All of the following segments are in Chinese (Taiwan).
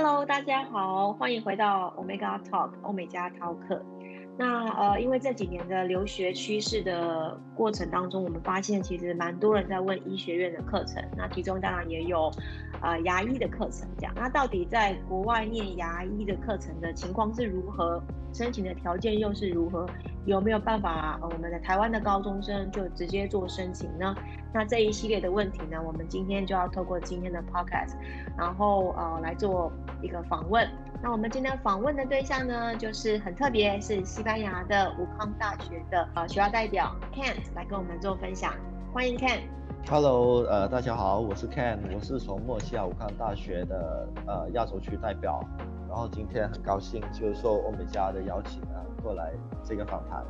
Hello，大家好，歡迎回到 Omega Talk 歐美加濤課。那呃，因為這幾年的留學趨勢的過程當中，我們發現其實蠻多人在問醫學院的課程，那其中當然也有呃牙醫的課程講。那到底在國外念牙醫的課程的情況是如何，申請的條件又是如何？有沒有辦法，我們的台灣的高中生就直接做申請呢？那這一系列的問題呢，我們今天就要透過今天的 podcast，然後呃來做一個訪問。那我們今天訪問的對象呢，就是很特別，是西班牙的武康大學的呃學校代表 Ken 來跟我們做分享。歡迎 Ken。Hello，呃，大家好，我是 Ken，我是從墨西亞武康大學的呃亞洲區代表，然後今天很高興就是受歐美加的邀請。過來這個訪談，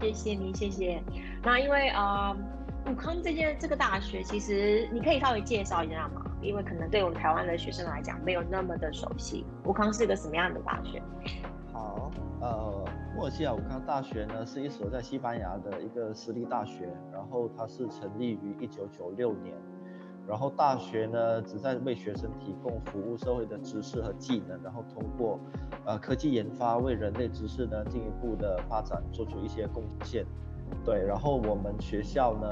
謝謝你，謝謝。那因為啊、呃，武康這間這個大學，其實你可以稍微介紹一下嗎？因為可能對我們台灣的學生來講，沒有那麼的熟悉。武康是一個什麼樣的大學？好，呃，穆爾西亞武康大學呢，是一所在西班牙的一個私立大學，然後它是成立於一九九六年。然後大學呢，旨在為學生提供服務社會的知識和技能，然後通過，呃，科技研發為人類知識呢進一步的發展做出一些貢獻。對，然後我們學校呢，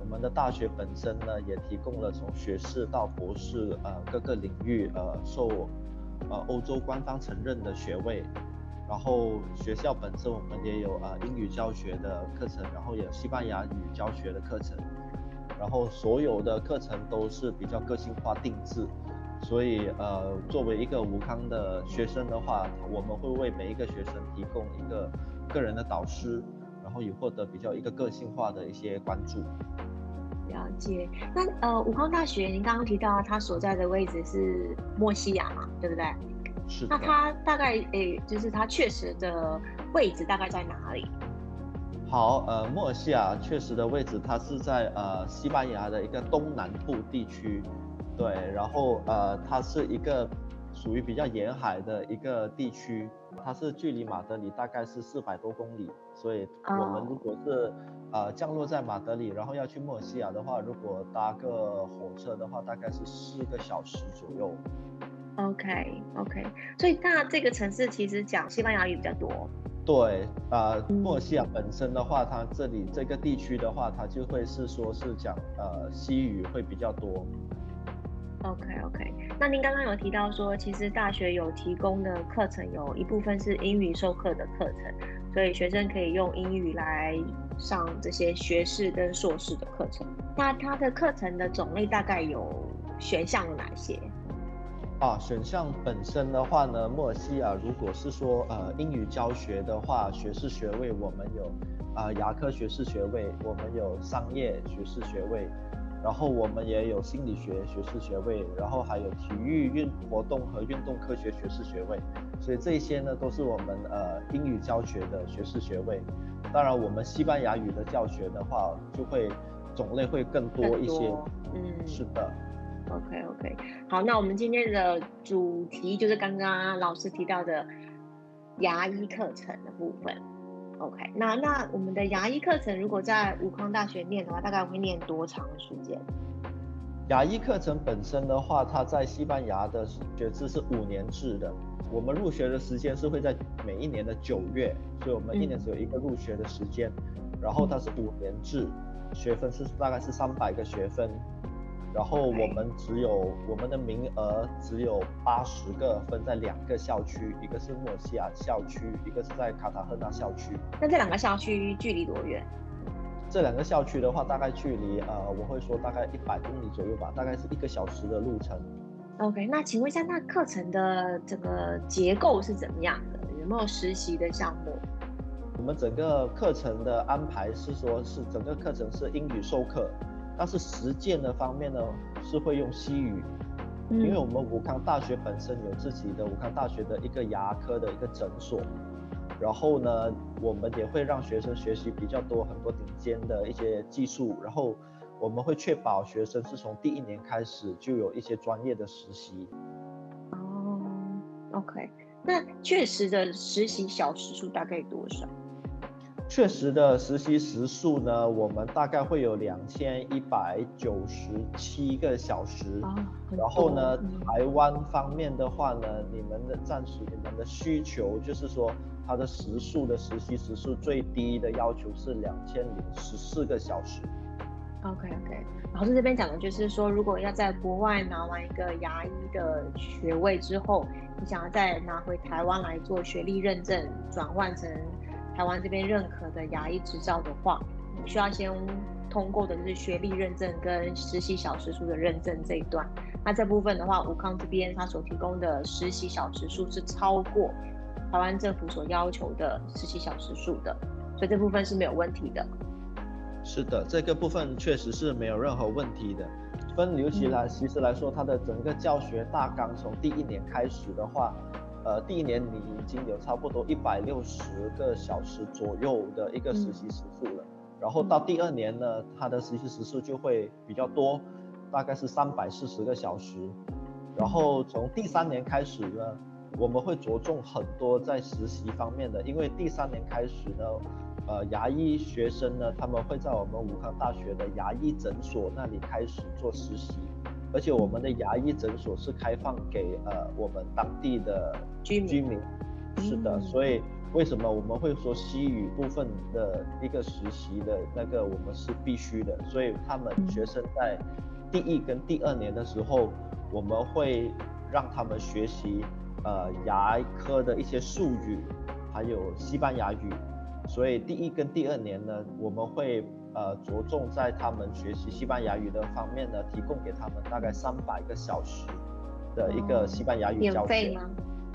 我們的大學本身呢也提供了從學士到博士呃各個領域呃受，呃歐洲官方承認的學位。然後學校本身我們也有呃英語教學的課程，然後也有西班牙語教學的課程。然後所有的課程都是比較個性化定制，所以呃，作為一個武康的學生的話，我們會為每一個學生提供一個個人的導師，然後也獲得比較一個個性化的一些關注。了解，那呃，武康大學您剛剛提到它所在的位置是莫西亞嘛，對不對？是的。那它大概誒，就是它確實的位置大概在哪裡？好，呃，莫爾西亞確實的位置，它是在呃西班牙的一個東南部地區，對，然後呃，它是一個屬於比較沿海的一個地區，它是距離馬德里大概是四百多公里，所以我們如果是、oh. 呃降落在馬德里，然後要去莫爾西亞的話，如果搭個火車的話，大概是四個小時左右。OK OK，所以大這個城市其實講西班牙語比較多。對，呃，墨西亞本身的話，它這裡這個地區的話，它就會是說是講呃西語會比較多。OK OK，那您剛剛有提到說，其實大學有提供的課程有一部分是英語授課的課程，所以學生可以用英語來上這些學士跟碩士的課程。那他的課程的種類大概有選項有哪些？啊，選項本身的話呢，穆爾西亞，如果是說呃英語教學的話，學士學位我們有，啊、呃、牙科學士學位我們有，商業學士學位，然後我們也有心理學學士學位，然後還有體育運活動和運動科學學士學位，所以這些呢都是我們呃英語教學的學士學位，當然我們西班牙語的教學的話就會種類會更多一些，嗯，是的。OK OK，好，那我們今天的主題就是剛剛老師提到的牙醫課程的部分。OK，那那我們的牙醫課程如果在武康大學念的話，大概會念多長時間？牙醫課程本身的話，它在西班牙的學制是五年制的。我們入學的時間是會在每一年的九月，所以我們一年只有一個入學的時間。嗯。然後它是五年制，學分是大概是三百個學分。然後我們只有、okay. 我們的名額只有八十個，分在兩個校區，一個是墨西亞校區，一個是在卡塔赫納校區。那這兩個校區距離多遠？這兩個校區的話，大概距離呃，我會說大概一百公里左右吧，大概是一個小時的路程。OK，那請問一下，那課程的整個結構是怎麼樣的？有沒有實習的項目？我們整個課程的安排是說，是整個課程是英語授課。但是實踐的方面呢，是會用西語，因為我們武康大學本身有自己的武康大學的一個牙科的一個診所，然後呢，我們也會讓學生學習比較多很多頂尖的一些技術，然後我們會確保學生是從第一年開始就有一些專業的實習。哦、oh，OK，那確實的實習小時數大概有多少？確實的實習時數呢，我們大概會有兩千一百九十七個小時。啊、然後呢、嗯，台灣方面的話呢，你們的暫時你們的需求就是說，它的時數的實習時數最低的要求是兩千零十四個小時。OK OK，老師這邊講的就是說，如果要在國外拿完一個牙醫的學位之後，你想要再拿回台灣來做學歷認證，轉換成。台灣這邊認可的牙醫執照的話，你需要先通過的就是學歷認證跟實習小時數的認證這一段。那這部分的話，武康這邊他所提供的實習小時數是超過台灣政府所要求的實習小時數的，所以這部分是沒有問題的。是的，這個部分確實是沒有任何問題的。分流起來、嗯，其實來說，它的整個教學大綱從第一年開始的話。呃，第一年你已經有差不多一百六十個小時左右的一個實習時數了，嗯，然後到第二年呢，他的實習時數就會比較多，大概是三百四十個小時，然後從第三年開始呢，我們會着重很多在實習方面的，因為第三年開始呢，呃，牙醫學生呢，他們會在我們武康大學的牙醫診所那裡開始做實習。而且我們的牙醫診所是開放給呃，我們當地的居民，居民，是的，嗯，所以為什麼我們會說西語部分的一個實習的那個我們是必須的？所以他們學生在第一跟第二年的時候，嗯，我們會讓他們學習呃，牙科的一些術語，還有西班牙語，所以第一跟第二年呢，我們會。呃，着重在他們學習西班牙語的方面呢，提供給他們大概三百個小時的一個西班牙語教學，哦，免費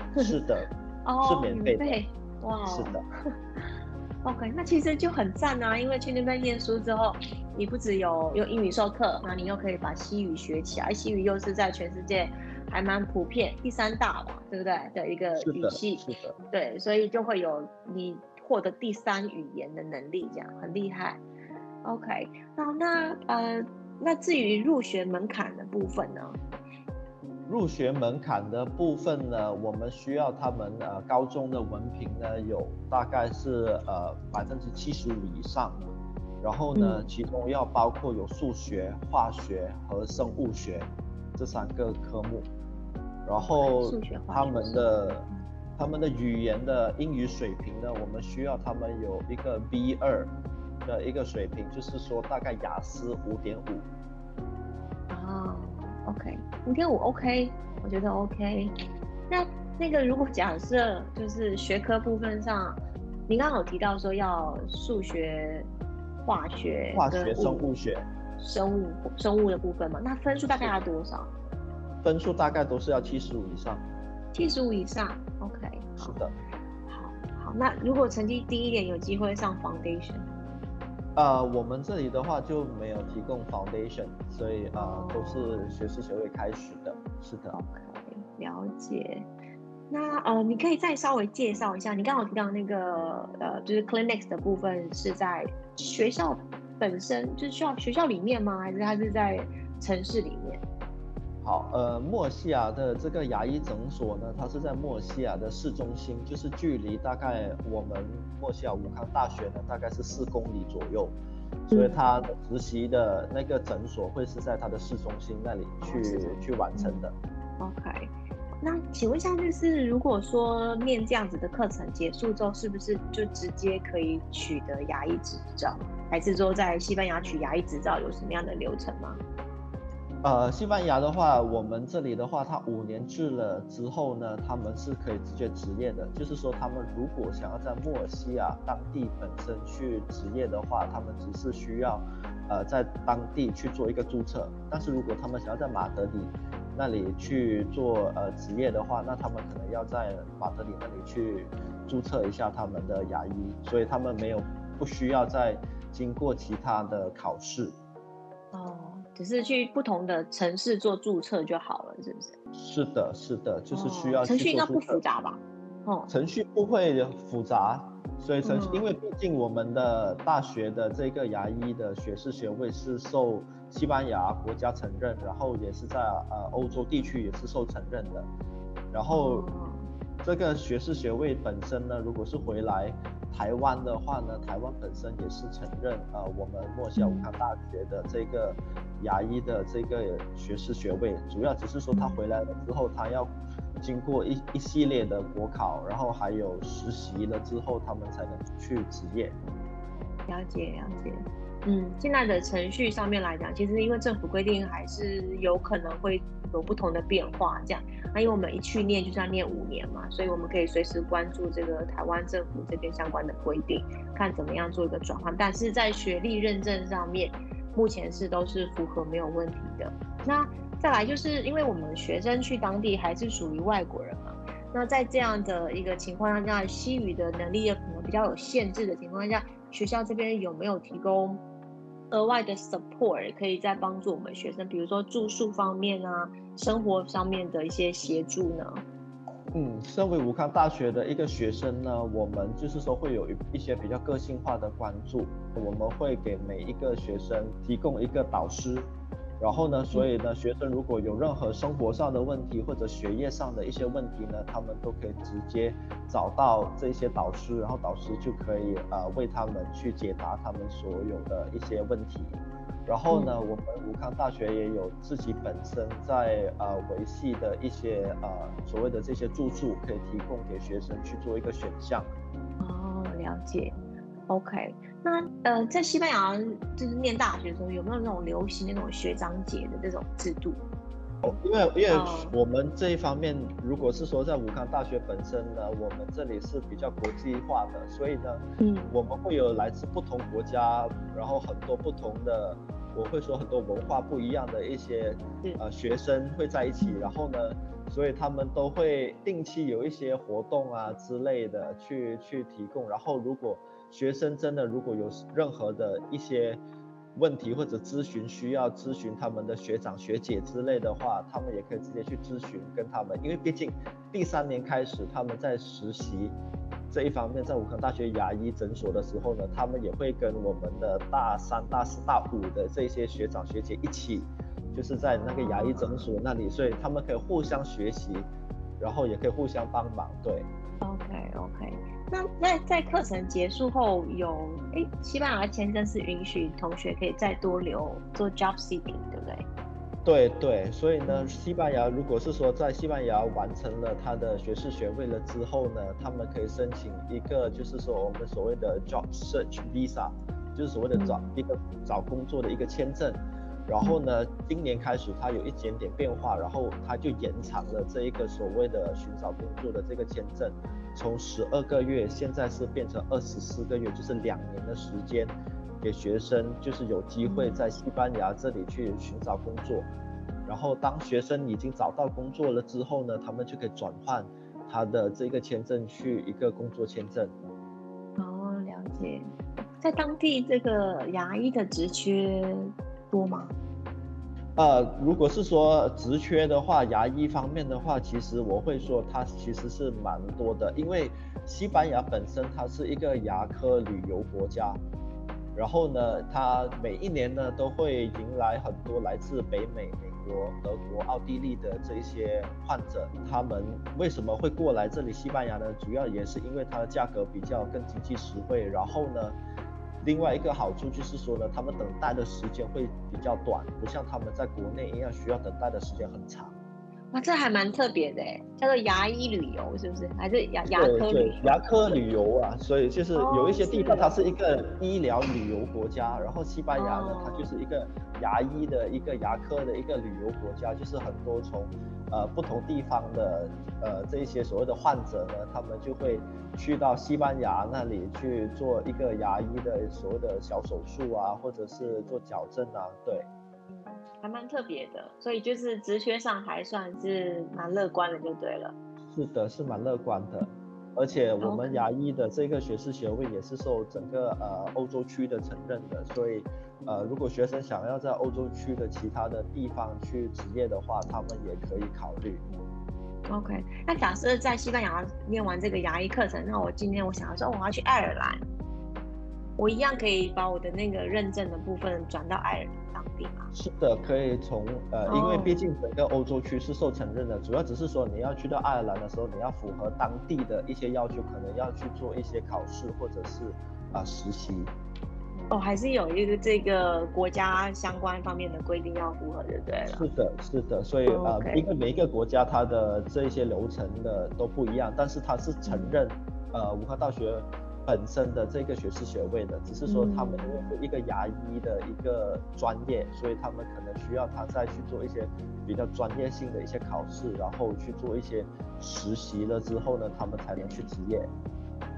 嗎？是的， 是的，哦，免費。Wow. 是免費的，哇，是的，OK，那其實就很讚啊，因為去那邊念書之後，你不止有用英語授課，那你又可以把西語學起來，西語又是在全世界還蠻普遍，第三大吧，對不對？的一個語系，對，所以就會有你獲得第三語言的能力，這樣很厲害。OK，那那呃，那至於入學門檻的部分呢？入學門檻的部分呢，我們需要他們呃高中的文憑呢有大概是呃百分之七十五以上，然後呢、嗯，其中要包括有數學、化學和生物學這三個科目，然後他們的、嗯數學就是、他們的他們的語言的英語水平呢，我們需要他們有一個 B2。的一個水平，就是說大概雅思五點五。啊，OK，五點五 OK，我覺得 OK。那那個如果假設就是學科部分上，您剛剛有提到說要數學、化學、化學、生物學、生物、生物的部分嘛，那分數大概要多少？分數大概都是要七十五以上。七十五以上，OK。是的。好，好，那如果成績低一點，有機會上 Foundation。呃、uh,，我們這裡的話就沒有提供 foundation，所以呃、uh, oh. 都是學士學位開始的，是的。OK，了解。那呃，uh, 你可以再稍微介紹一下，你剛剛提到那個呃，uh, 就是 Clinics 的部分是在學校本身就是學校裡面嗎？還是它是在城市裡面？好，呃，莫西亞的這個牙醫診所呢，它是在莫西亞的市中心，就是距離大概我們莫西亞武康大學呢，大概是四公里左右，所以他實習的那個診所會是在他的市中心那裡去，嗯、去，去完成的。OK，那請問一下就是，如果說念這樣子的課程結束之後，是不是就直接可以取得牙醫執照，還是說在西班牙取牙醫執照有什麼樣的流程嗎？呃，西班牙的話，我們這裡的話，他五年制了之後呢，他們是可以直接執業的。就是說，他們如果想要在穆爾西亞當地本身去執業的話，他們只是需要，呃，在當地去做一個註冊。但是如果他們想要在馬德里那裡去做呃執業的話，那他們可能要在馬德里那裡去註冊一下他們的牙醫，所以他們沒有不需要再經過其他的考試。只是去不同的城市做註冊就好了，是不是？是的，是的，就是需要。程序應該不複雜吧？哦，程序不會複雜，所以程序、嗯哦、因為畢竟我們的大學的這個牙醫的學士學位是受西班牙國家承認，然後也是在呃歐洲地區也是受承認的，然後、嗯。這個學士學位本身呢，如果是回來臺灣的話呢，臺灣本身也是承認呃，我們武康大學的這個牙醫的這個學士學位，主要只是說他回來了之後，他要經過一一系列的國考，然後還有實習了之後，他們才能去執業。了解了解。嗯，現在的程序上面來講，其實因為政府規定還是有可能會有不同的變化，這樣。那因為我們一去念就是要念五年嘛，所以我們可以隨時關注這個台灣政府這邊相關的規定，看怎麼樣做一個轉換。但是在學歷認證上面，目前是都是符合沒有問題的。那再來就是因為我們學生去當地還是屬於外國人嘛，那在這樣的一個情況下，西語的能力又可能比較有限制的情況下，學校這邊有沒有提供？額外的 support 可以在幫助我們學生，比如說住宿方面啊，生活上面的一些協助呢。嗯，身為武康大學的一個學生呢，我們就是說會有一些比較個性化的關注，我們會給每一個學生提供一個導師。然後呢，所以呢，學生如果有任何生活上的問題或者學業上的一些問題呢，他們都可以直接找到這些導師，然後導師就可以啊、呃、為他們去解答他們所有的一些問題。然後呢，嗯、我們武康大學也有自己本身在呃維繫的一些呃所謂的這些住處，可以提供給學生去做一個選項。哦，了解。OK。那呃，在西班牙就是念大學的時候，有沒有那種流行那種學長姐的這種制度？因為因為我們這一方面，如果是說在武康大學本身呢，我們這裡是比較國際化的，所以呢，嗯，我們會有來自不同國家，然後很多不同的，我會說很多文化不一樣的一些呃學生會在一起，然後呢，所以他們都會定期有一些活動啊之類的去去提供，然後如果。學生真的如果有任何的一些問題或者諮詢需要諮詢他們的學長學姐之類的話，他們也可以直接去諮詢跟他們，因為畢竟第三年開始他們在實習這一方面在武康大學牙醫診所的時候呢，他們也會跟我們的大三大四大五的這些學長學姐一起，就是在那個牙醫診所那裡，所以他們可以互相學習，然後也可以互相幫忙，對。那那在課程結束後有誒，西班牙簽證是允許同學可以再多留做 job seeking，對不對？對對，所以呢，西班牙如果是說在西班牙完成了他的學士學位了之後呢，他們可以申請一個就是說我們所謂的 job search visa，就是所謂的找、嗯、一個找工作的一個簽證。然後呢，今年開始，它有一點點變化，然後它就延長了這一個所謂的尋找工作的這個簽證，從十二個月，現在是變成二十四個月，就是兩年的時間，給學生就是有機會在西班牙這裡去尋找工作。然後當學生已經找到工作了之後呢，他們就可以轉換他的這個簽證去一個工作簽證。哦，了解，在當地這個牙醫的職缺多嗎？呃，如果是說職缺的話，牙醫方面的話，其實我會說它其實是蠻多的，因為西班牙本身它是一個牙科旅遊國家，然後呢，它每一年呢都會迎來很多來自北美、美國、德國、奧地利的這些患者。他們為什麼會過來這裡西班牙呢？主要也是因為它的價格比較更經濟實惠。然後呢，另外一個好處就是說呢，他們等待的時間會比較短，不像他們在國內一樣需要等待的時間很長。哇，這還蠻特別的耶，叫做牙醫旅遊，是不是？還是牙牙科旅遊？遊？對，對，牙科旅遊啊，所以就是有一些地方它是一個醫療旅遊國家，oh, 然後西班牙呢，它就是一個牙醫的一個牙科的一個旅遊國家，就是很多從。呃，不同地方的呃，這一些所謂的患者呢，他們就會去到西班牙那裡去做一個牙醫的所謂的小手術啊，或者是做矯正啊，對，還蠻特別的。所以就是直學上還算是蠻樂觀的，就對了。是的，是蠻樂觀的，而且我們牙醫的這個學士學位也是受整個呃歐洲區的承認的，所以。呃，如果學生想要在歐洲區的其他的地方去執業的話，他們也可以考慮。OK，那假設在西班牙念完這個牙醫課程，那我今天我想說、哦、我要去愛爾蘭，我一樣可以把我的那個認證的部分轉到愛爾蘭當地嗎？是的，可以從呃，因為畢竟整個歐洲區是受承認的，oh. 主要只是說你要去到愛爾蘭的時候，你要符合當地的一些要求，可能要去做一些考試或者是啊、呃、實習。哦，還是有一個這個國家相關方面的規定要符合，對不對？是的，是的，所以呃，因為、oh, okay. 每一個國家它的這一些流程的都不一樣，但是它是承認呃武康大學本身的這個學士學位的，只是說他們有一個牙醫的一個專業、嗯，所以他們可能需要他再去做一些比較專業性的一些考試，然後去做一些實習了之後呢，他們才能去執業。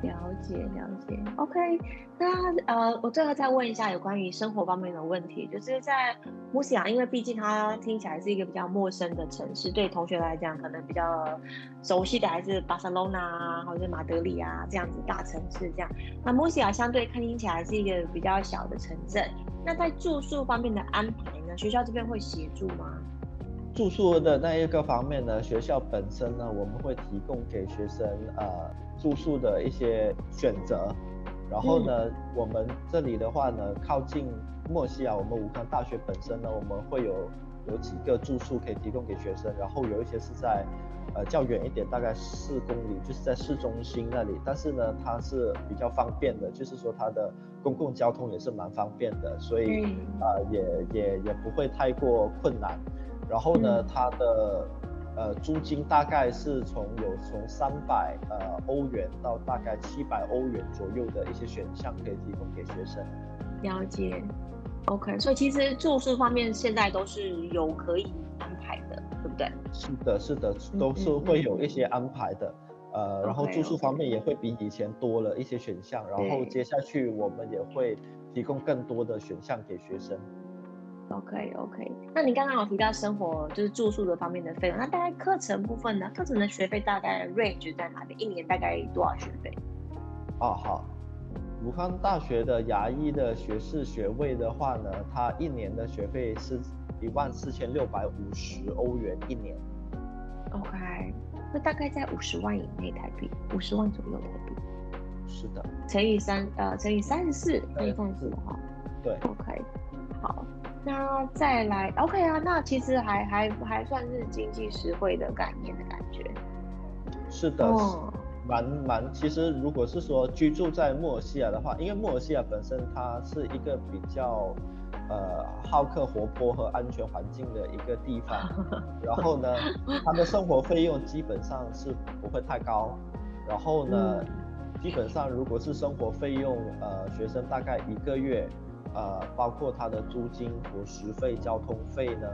了解了解，OK，那呃，我最後再問一下有關於生活方面的問題，就是在穆西亞，因為畢竟它聽起來是一個比較陌生的城市，對同學來講可能比較熟悉的還是巴塞羅那或者馬德里啊這樣子大城市這樣，那穆西亞相對看聽起來是一個比較小的城鎮，那在住宿方面的安排呢，學校這邊會協助嗎？住宿的那一個方面呢，學校本身呢，我們會提供給學生呃。住宿的一些選擇，然後呢、嗯，我們這裡的話呢，靠近墨西亞，我們武康大學本身呢，我們會有有幾個住宿可以提供給學生，然後有一些是在，呃，較遠一點，大概四公里，就是在市中心那裡，但是呢，它是比較方便的，就是說它的公共交通也是蠻方便的，所以啊、嗯呃，也也也不會太過困難。然後呢，它的，嗯呃，租金大概是從有從三百呃歐元到大概七百歐元左右的一些選項可以提供給學生。了解，OK。所以其實住宿方面現在都是有可以安排的，對不對？是的，是的，都是會有一些安排的。嗯嗯、呃，okay, okay. 然後住宿方面也會比以前多了一些選項，然後接下去我們也會提供更多的選項給學生。OK，OK okay, okay. 那你剛剛有提到生活就是住宿的方面的費用，那大概課程部分呢？課程的學費大概 range 在哪裡？一年大概多少學費？哦，好，武康大學的牙醫的學士學位的話呢，它一年的學費是一萬四千六百五十歐元一年。OK，那大概在五十萬以內台幣，五十萬左右台幣。是的，乘以三呃，乘以三十四，三十四哈。對。OK，好。那再來，OK 啊，那其實還還還算是經濟實惠的概念的感覺。是的，哦、蠻蠻，其實如果是說居住在穆爾西亞的話，因為穆爾西亞本身它是一個比較呃好客、活潑和安全環境的一個地方。 然後呢，它的生活費用基本上是不會太高。然後呢，嗯、基本上如果是生活費用，呃，學生大概一個月。呃，包括他的租金、伙食費、交通費呢，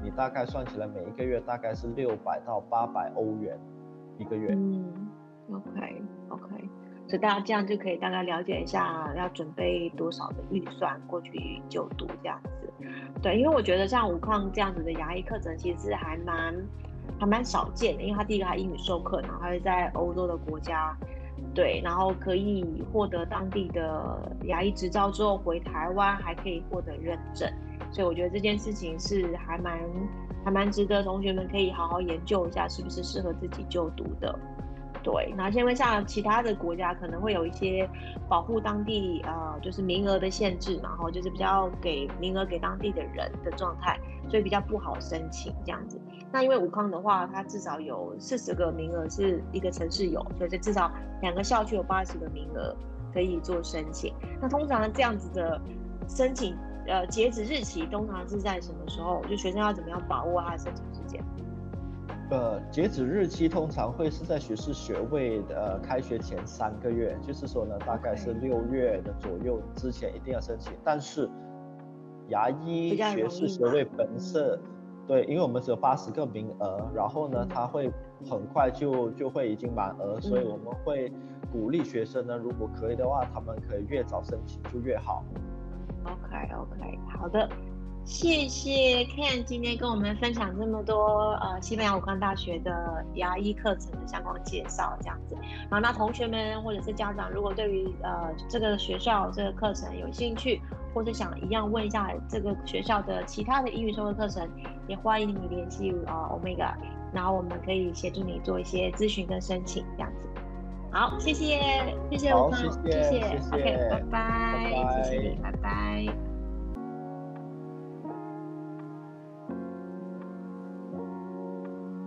你大概算起來，每一個月大概是六百到八百歐元，一個月。嗯，OK OK，所以大家這樣就可以大概了解一下，要準備多少的預算過去就讀這樣子。對，因為我覺得像武康這樣子的牙醫課程，其實還蠻還蠻少見的，因為他第一個他英語授課，然後他是在歐洲的國家。對，然後可以獲得當地的牙醫執照之後，回台灣還可以獲得認證，所以我覺得這件事情是還蠻還蠻值得同學們可以好好研究一下，是不是適合自己就讀的。對，那先問下其他的國家可能會有一些保護當地呃，就是名額的限制嘛，然後就是比較給名額給當地的人的狀態，所以比較不好申請這樣子。那因為武康的話，它至少有四十個名額是一個城市有，所以就至少兩個校區有八十個名額可以做申請。那通常這樣子的申請，呃，截止日期通常是在什麼時候？就學生要怎麼樣把握他的申請時間？呃，截止日期通常會是在學士學位的開學前三個月，就是說呢，大概是六月的左右之前一定要申請。Okay. 但是牙醫學士學位本身。嗯對，因為我們只有八十個名額，然後呢，嗯，他會很快就就會已經滿額，所以我們會鼓勵學生呢，如果可以的話，他們可以越早申請就越好。OK OK，好的，謝謝 Ken 今天跟我們分享這麼多呃西班牙武康大學的牙醫課程的相關介紹，這樣子，然後那同學們或者是家長如果對於呃這個學校這個課程有興趣。或者想一樣問一下這個學校的其他的英語授課課程，也歡迎你聯繫啊，Omega，然後我們可以協助你做一些諮詢跟申請這樣子。好，謝謝，謝謝 Omega，謝謝，謝謝，謝，謝，謝，謝，謝，謝，OK，拜拜，謝謝你，拜拜。